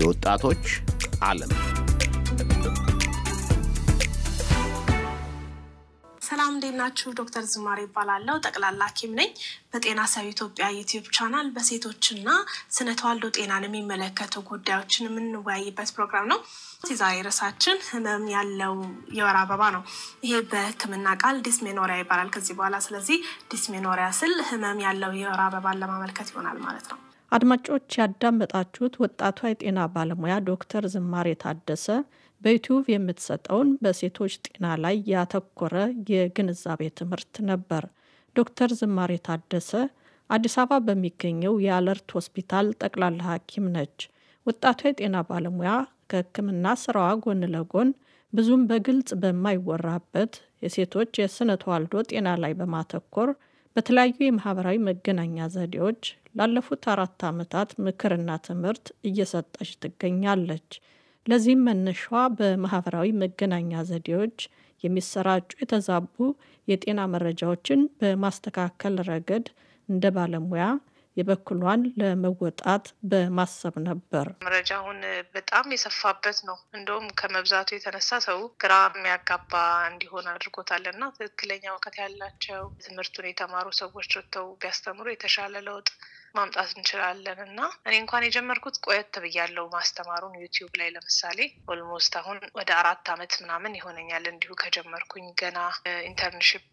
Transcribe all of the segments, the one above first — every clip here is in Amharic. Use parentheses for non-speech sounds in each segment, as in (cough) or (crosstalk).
የወጣቶች ዓለም ሰላም እንዴት ናችሁ? ዶክተር ዝማሬ ይባላለው ጠቅላላ ሐኪም ነኝ። በጤና ሰብ ኢትዮጵያ ዩቲዩብ ቻናል በሴቶችና ስነ ተዋልዶ ጤናን የሚመለከቱ ጉዳዮችን የምንወያይበት ፕሮግራም ነው። የዛሬ ርዕሳችን ህመም ያለው የወር አበባ ነው። ይሄ በህክምና ቃል ዲስሜኖሪያ ይባላል ከዚህ በኋላ ስለዚህ ዲስሜኖሪያ ስል ህመም ያለው የወር አበባን ለማመልከት ይሆናል ማለት ነው። አድማጮች ያዳመጣችሁት ወጣቷ የጤና ባለሙያ ዶክተር ዝማሬ ታደሰ በዩቲዩብ የምትሰጠውን በሴቶች ጤና ላይ ያተኮረ የግንዛቤ ትምህርት ነበር። ዶክተር ዝማሬ ታደሰ አዲስ አበባ በሚገኘው የአለርት ሆስፒታል ጠቅላላ ሐኪም ነች። ወጣቷ የጤና ባለሙያ ከሕክምና ስራዋ ጎን ለጎን ብዙም በግልጽ በማይወራበት የሴቶች የስነ ተዋልዶ ጤና ላይ በማተኮር በተለያዩ የማህበራዊ መገናኛ ዘዴዎች ላለፉት አራት ዓመታት ምክርና ትምህርት እየሰጠች ትገኛለች። ለዚህም መነሻዋ በማህበራዊ መገናኛ ዘዴዎች የሚሰራጩ የተዛቡ የጤና መረጃዎችን በማስተካከል ረገድ እንደ ባለሙያ የበኩሏን ለመወጣት በማሰብ ነበር። መረጃውን በጣም የሰፋበት ነው። እንደውም ከመብዛቱ የተነሳ ሰው ግራ የሚያጋባ እንዲሆን አድርጎታል እና ትክክለኛ እውቀት ያላቸው ትምህርቱን የተማሩ ሰዎች ወጥተው ቢያስተምሩ የተሻለ ለውጥ ማምጣት እንችላለን እና እኔ እንኳን የጀመርኩት ቆየት ብያለሁ ማስተማሩን ዩቲዩብ ላይ ለምሳሌ ኦልሞስት አሁን ወደ አራት አመት ምናምን ይሆነኛል እንዲሁ ከጀመርኩኝ ገና ኢንተርንሽፕ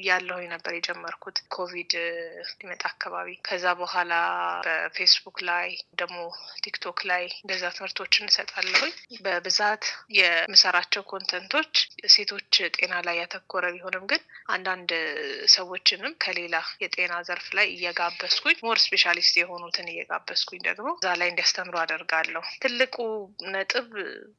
እያለሁ ነበር የጀመርኩት ኮቪድ ሊመጣ አካባቢ። ከዛ በኋላ በፌስቡክ ላይ ደግሞ ቲክቶክ ላይ እንደዛ ትምህርቶችን እሰጣለሁኝ። በብዛት የምሰራቸው ኮንተንቶች ሴቶች ጤና ላይ ያተኮረ ቢሆንም ግን አንዳንድ ሰዎችንም ከሌላ የጤና ዘርፍ ላይ እየጋበዝኩኝ ሞር ስፔሻሊስት የሆኑትን እየጋበዝኩኝ ደግሞ እዛ ላይ እንዲያስተምሩ አደርጋለሁ። ትልቁ ነጥብ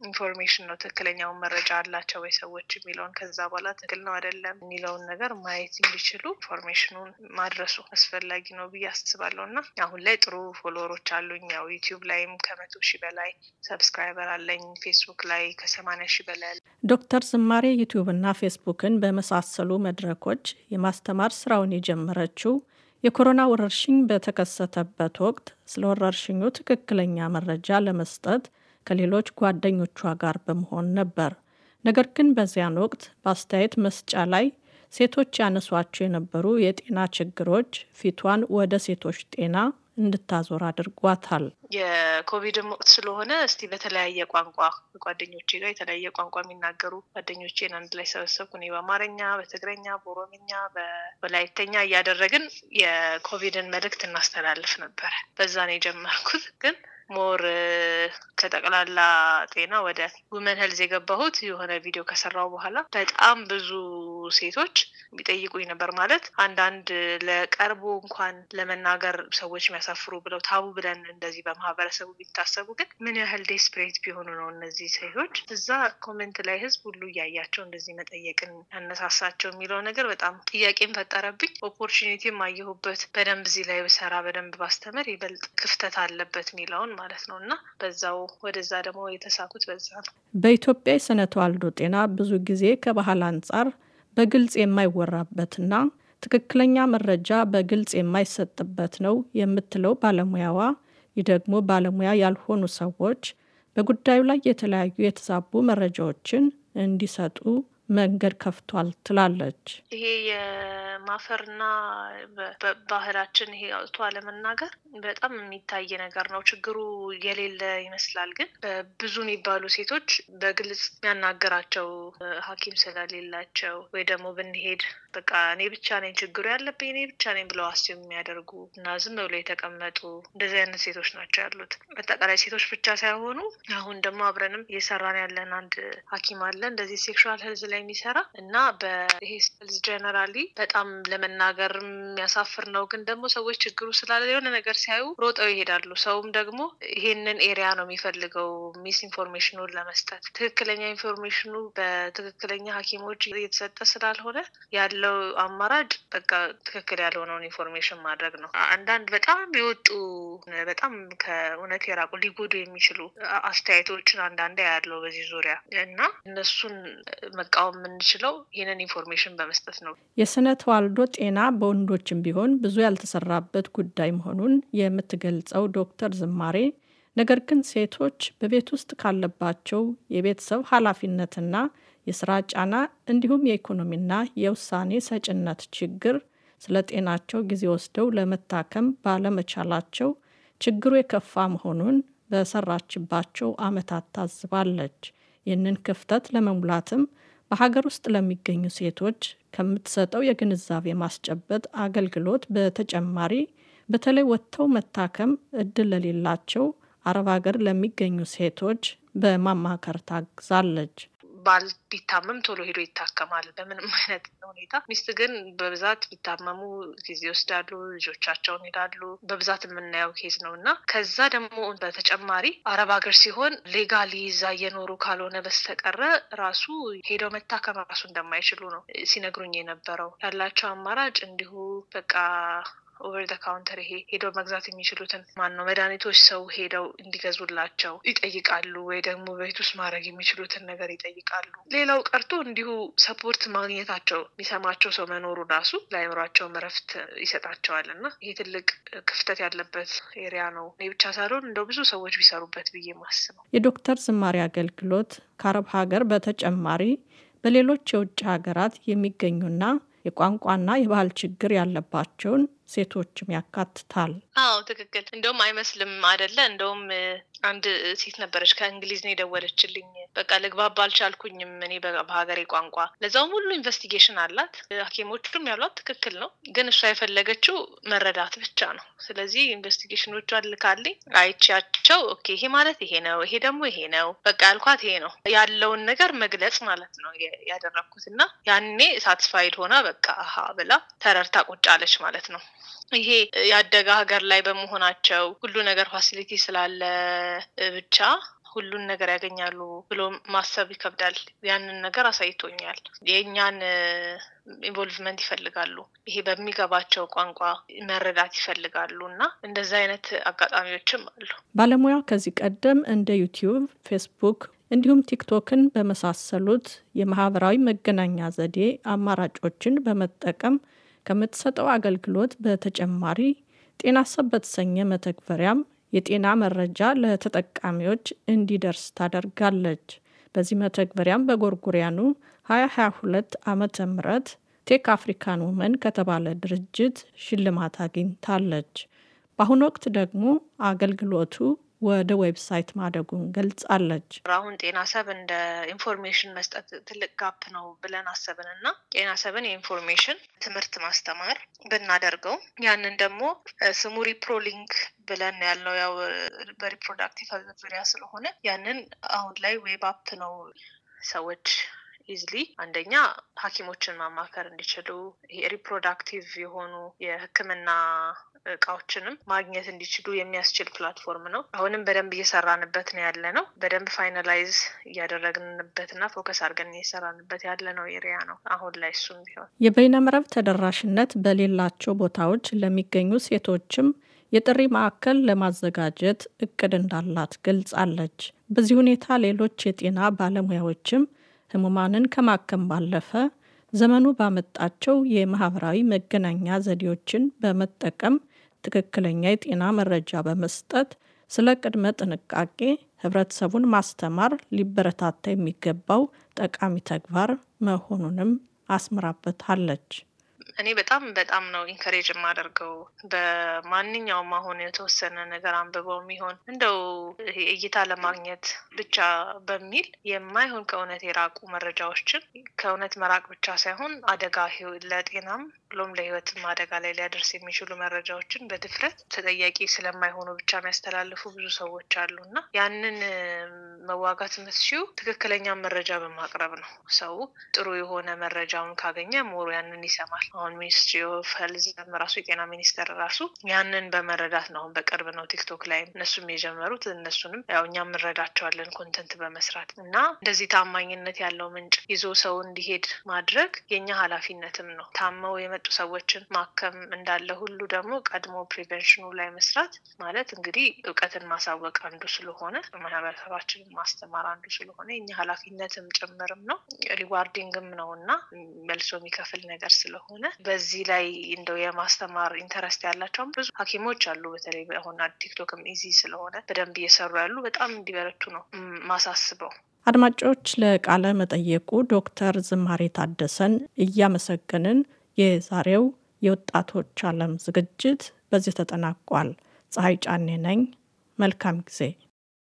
ኢንፎርሜሽን ነው። ትክክለኛውን መረጃ አላቸው ወይ ሰዎች የሚለውን ከዛ በኋላ ትክክል ነው አይደለም የሚለውን ነገር ማየት እንዲችሉ ኢንፎርሜሽኑን ማድረሱ አስፈላጊ ነው ብዬ አስባለሁ እና አሁን ላይ ጥሩ ፎሎወሮች አሉኝ። ያው ዩቲዩብ ላይም ከመቶ ሺህ በላይ ሰብስክራይበር አለኝ። ፌስቡክ ላይ ከሰማኒያ ሺህ በላይ ዶክተር ዝማሬ ዩቲዩብና ፌስቡክን በመሳሰሉ መድረኮች የማስተማር ስራውን የጀመረችው የኮሮና ወረርሽኝ በተከሰተበት ወቅት ስለ ወረርሽኙ ትክክለኛ መረጃ ለመስጠት ከሌሎች ጓደኞቿ ጋር በመሆን ነበር። ነገር ግን በዚያን ወቅት በአስተያየት መስጫ ላይ ሴቶች ያነሷቸው የነበሩ የጤና ችግሮች ፊቷን ወደ ሴቶች ጤና እንድታዞር አድርጓታል። የኮቪድም ወቅት ስለሆነ እስቲ በተለያየ ቋንቋ ጓደኞቼ ጋር የተለያየ ቋንቋ የሚናገሩ ጓደኞቼን አንድ ላይ ሰበሰብኩ። እኔ በአማርኛ፣ በትግረኛ፣ በኦሮምኛ፣ በወላይተኛ እያደረግን የኮቪድን መልእክት እናስተላልፍ ነበረ። በዛ ነው የጀመርኩት ግን ሞር ከጠቅላላ ጤና ወደ ውመን ሄልዝ የገባሁት የሆነ ቪዲዮ ከሰራው በኋላ በጣም ብዙ ሴቶች ቢጠይቁኝ ነበር። ማለት አንዳንድ ለቀርቦ እንኳን ለመናገር ሰዎች የሚያሳፍሩ ብለው ታቡ ብለን እንደዚህ በማህበረሰቡ ቢታሰቡ ግን ምን ያህል ዴስፕሬት ቢሆኑ ነው እነዚህ ሴቶች እዛ ኮሜንት ላይ ህዝብ ሁሉ እያያቸው እንደዚህ መጠየቅን ያነሳሳቸው የሚለው ነገር በጣም ጥያቄም ፈጠረብኝ። ኦፖርቹኒቲም አየሁበት። በደንብ እዚህ ላይ ብሰራ፣ በደንብ ባስተምር ይበልጥ ክፍተት አለበት የሚለውን ማለት ነው እና በዛው ወደዛ ደግሞ የተሳኩት በዛ ነው። በኢትዮጵያ የስነ ተዋልዶ ጤና ብዙ ጊዜ ከባህል አንጻር በግልጽ የማይወራበትና ትክክለኛ መረጃ በግልጽ የማይሰጥበት ነው የምትለው ባለሙያዋ፣ ይህ ደግሞ ባለሙያ ያልሆኑ ሰዎች በጉዳዩ ላይ የተለያዩ የተዛቡ መረጃዎችን እንዲሰጡ መንገድ ከፍቷል ትላለች። ይሄ የማፈርና ባህላችን ይሄ አውጥቶ አለመናገር በጣም የሚታይ ነገር ነው። ችግሩ የሌለ ይመስላል፣ ግን ብዙ የሚባሉ ሴቶች በግልጽ የሚያናገራቸው ሐኪም ስለሌላቸው ወይ ደግሞ ብንሄድ በቃ እኔ ብቻ ነኝ ችግሩ ያለብኝ እኔ ብቻ ነኝ ብለው አስብ የሚያደርጉ እና ዝም ብሎ የተቀመጡ እንደዚህ አይነት ሴቶች ናቸው ያሉት። አጠቃላይ ሴቶች ብቻ ሳይሆኑ አሁን ደግሞ አብረንም እየሰራን ያለን አንድ ሐኪም አለ እንደዚህ ሴክሹዋል ህልዝ ላይ የሚሰራ እና በይሄ ሄልዝ ጀነራሊ በጣም ለመናገር የሚያሳፍር ነው። ግን ደግሞ ሰዎች ችግሩ ስላለ የሆነ ነገር ሲያዩ ሮጠው ይሄዳሉ። ሰውም ደግሞ ይሄንን ኤሪያ ነው የሚፈልገው ሚስ ኢንፎርሜሽኑን ለመስጠት ትክክለኛ ኢንፎርሜሽኑ በትክክለኛ ሐኪሞች እየተሰጠ ስላልሆነ ያለ ያለው አማራጭ በቃ ትክክል ያልሆነውን ኢንፎርሜሽን ማድረግ ነው። አንዳንድ በጣም የወጡ በጣም ከእውነት የራቁ ሊጎዱ የሚችሉ አስተያየቶችን አንዳንዴ ያለው በዚህ ዙሪያ እና እነሱን መቃወም የምንችለው ይህንን ኢንፎርሜሽን በመስጠት ነው። የስነ ተዋልዶ ጤና በወንዶችም ቢሆን ብዙ ያልተሰራበት ጉዳይ መሆኑን የምትገልጸው ዶክተር ዝማሬ ነገር ግን ሴቶች በቤት ውስጥ ካለባቸው የቤተሰብ ኃላፊነትና የስራ ጫና እንዲሁም የኢኮኖሚና የውሳኔ ሰጭነት ችግር ስለ ጤናቸው ጊዜ ወስደው ለመታከም ባለመቻላቸው ችግሩ የከፋ መሆኑን በሰራችባቸው ዓመታት ታዝባለች። ይህንን ክፍተት ለመሙላትም በሀገር ውስጥ ለሚገኙ ሴቶች ከምትሰጠው የግንዛቤ ማስጨበጥ አገልግሎት በተጨማሪ በተለይ ወጥተው መታከም እድል ለሌላቸው አረብ ሀገር ለሚገኙ ሴቶች በማማከር ታግዛለች። ባል ቢታመም ቶሎ ሄዶ ይታከማል በምንም (laughs) አይነት ሁኔታ። ሚስት ግን በብዛት ቢታመሙ ጊዜ ይወስዳሉ፣ ልጆቻቸውን ይላሉ። በብዛት የምናየው ኬዝ ነው እና ከዛ ደግሞ በተጨማሪ አረብ ሀገር ሲሆን ሌጋሊ ይዛ እየኖሩ ካልሆነ በስተቀረ ራሱ ሄደው መታከም ራሱ እንደማይችሉ ነው ሲነግሩኝ የነበረው። ያላቸው አማራጭ እንዲሁ በቃ ኦቨር ካውንተር ይሄ ሄደው መግዛት የሚችሉትን ማን ነው መድኃኒቶች ሰው ሄደው እንዲገዙላቸው ይጠይቃሉ፣ ወይ ደግሞ ቤት ውስጥ ማድረግ የሚችሉትን ነገር ይጠይቃሉ። ሌላው ቀርቶ እንዲሁ ሰፖርት ማግኘታቸው የሚሰማቸው ሰው መኖሩ ራሱ ለአይምሯቸውም እረፍት ይሰጣቸዋል። እና ይሄ ትልቅ ክፍተት ያለበት ኤሪያ ነው። እኔ ብቻ ሳልሆን እንደው ብዙ ሰዎች ቢሰሩበት ብዬ ማስበው የዶክተር ዝማሪ አገልግሎት ከአረብ ሀገር በተጨማሪ በሌሎች የውጭ ሀገራት የሚገኙና የቋንቋና የባህል ችግር ያለባቸውን ሴቶችም ያካትታል። አዎ ትክክል። እንደውም አይመስልም አደለ? እንደውም አንድ ሴት ነበረች ከእንግሊዝ ነው የደወለችልኝ። በቃ ልግባባ አልቻልኩኝም እኔ በሀገሬ ቋንቋ። ለዛውም ሁሉ ኢንቨስቲጌሽን አላት። ሐኪሞቹም ያሏት ትክክል ነው፣ ግን እሷ የፈለገችው መረዳት ብቻ ነው። ስለዚህ ኢንቨስቲጌሽኖቹ አልካልኝ አይቻቸው። ኦኬ ይሄ ማለት ይሄ ነው፣ ይሄ ደግሞ ይሄ ነው፣ በቃ ያልኳት ይሄ ነው ያለውን ነገር መግለጽ ማለት ነው ያደረግኩት እና ያኔ ሳትስፋይድ ሆና በቃ አሀ ብላ ተረርታ ቁጭ ማለት ነው። ይሄ ያደገ ሀገር ላይ በመሆናቸው ሁሉ ነገር ፋሲሊቲ ስላለ ብቻ ሁሉን ነገር ያገኛሉ ብሎ ማሰብ ይከብዳል። ያንን ነገር አሳይቶኛል። የእኛን ኢንቮልቭመንት ይፈልጋሉ። ይሄ በሚገባቸው ቋንቋ መረዳት ይፈልጋሉ እና እንደዚ አይነት አጋጣሚዎችም አሉ። ባለሙያ ከዚህ ቀደም እንደ ዩቲዩብ፣ ፌስቡክ እንዲሁም ቲክቶክን በመሳሰሉት የማህበራዊ መገናኛ ዘዴ አማራጮችን በመጠቀም ከምትሰጠው አገልግሎት በተጨማሪ ጤና ሰብ በተሰኘ መተግበሪያም የጤና መረጃ ለተጠቃሚዎች እንዲደርስ ታደርጋለች። በዚህ መተግበሪያም በጎርጎሪያኑ 2022 ዓመተ ምህረት ቴክ አፍሪካን ውመን ከተባለ ድርጅት ሽልማት አግኝታለች። በአሁኑ ወቅት ደግሞ አገልግሎቱ ወደ ዌብሳይት ማደጉን ገልጻለች። አሁን ጤና ሰብ እንደ ኢንፎርሜሽን መስጠት ትልቅ ጋፕ ነው ብለን አሰብን እና ጤና ሰብን የኢንፎርሜሽን ትምህርት ማስተማር ብናደርገው ያንን ደግሞ ስሙ ሪፕሮሊንክ ብለን ያለው ያው በሪፕሮዳክቲቭ ዙሪያ ስለሆነ ያንን አሁን ላይ ዌብ አፕ ነው ሰዎች ኢዝሊ አንደኛ ሐኪሞችን ማማከር እንዲችሉ ሪፕሮዳክቲቭ የሆኑ የሕክምና እቃዎችንም ማግኘት እንዲችሉ የሚያስችል ፕላትፎርም ነው። አሁንም በደንብ እየሰራንበት ነው ያለ ነው። በደንብ ፋይናላይዝ እያደረግንበትና ፎከስ አድርገን እየሰራንበት ያለ ነው ኤሪያ ነው። አሁን ላይ እሱም ቢሆን የበይነ መረብ ተደራሽነት በሌላቸው ቦታዎች ለሚገኙ ሴቶችም የጥሪ ማዕከል ለማዘጋጀት እቅድ እንዳላት ገልጻለች። በዚህ ሁኔታ ሌሎች የጤና ባለሙያዎችም ህሙማንን ከማከም ባለፈ ዘመኑ ባመጣቸው የማህበራዊ መገናኛ ዘዴዎችን በመጠቀም ትክክለኛ የጤና መረጃ በመስጠት ስለ ቅድመ ጥንቃቄ ህብረተሰቡን ማስተማር ሊበረታታ የሚገባው ጠቃሚ ተግባር መሆኑንም አስምራበታለች። እኔ በጣም በጣም ነው ኢንከሬጅ የማደርገው በማንኛውም አሁን የተወሰነ ነገር አንብበው የሚሆን እንደው እይታ ለማግኘት ብቻ በሚል የማይሆን ከእውነት የራቁ መረጃዎችን ከእውነት መራቅ ብቻ ሳይሆን አደጋ ለጤናም ብሎም ለህይወትም አደጋ ላይ ሊያደርስ የሚችሉ መረጃዎችን በድፍረት ተጠያቂ ስለማይሆኑ ብቻ የሚያስተላልፉ ብዙ ሰዎች አሉ እና ያንን መዋጋት መስሽው ትክክለኛ መረጃ በማቅረብ ነው። ሰው ጥሩ የሆነ መረጃውን ካገኘ ሞሩ ያንን ይሰማል። አሁን ሚኒስትሪ ኦፍ ሄልዝ ራሱ የጤና ሚኒስቴር ራሱ ያንን በመረዳት ነው። አሁን በቅርብ ነው ቲክቶክ ላይ እነሱም የጀመሩት እነሱንም ያው እኛም እንረዳቸዋለን ኮንተንት በመስራት እና እንደዚህ ታማኝነት ያለው ምንጭ ይዞ ሰው እንዲሄድ ማድረግ የኛ ኃላፊነትም ነው። ታመው የመ የመጡ ሰዎችን ማከም እንዳለ ሁሉ ደግሞ ቀድሞ ፕሪቨንሽኑ ላይ መስራት ማለት እንግዲህ እውቀትን ማሳወቅ አንዱ ስለሆነ ማህበረሰባችንን ማስተማር አንዱ ስለሆነ የኛ ኃላፊነትም ጭምርም ነው ሪዋርዲንግም ነው እና መልሶ የሚከፍል ነገር ስለሆነ በዚህ ላይ እንደው የማስተማር ኢንተረስት ያላቸውም ብዙ ሐኪሞች አሉ። በተለይ አሁን ቲክቶክም ኢዚ ስለሆነ በደንብ እየሰሩ ያሉ በጣም እንዲበረቱ ነው ማሳስበው። አድማጮች፣ ለቃለ መጠየቁ ዶክተር ዝማሬ ታደሰን እያመሰገንን የዛሬው የወጣቶች ዓለም ዝግጅት በዚህ ተጠናቋል። ፀሐይ ጫኔ ነኝ። መልካም ጊዜ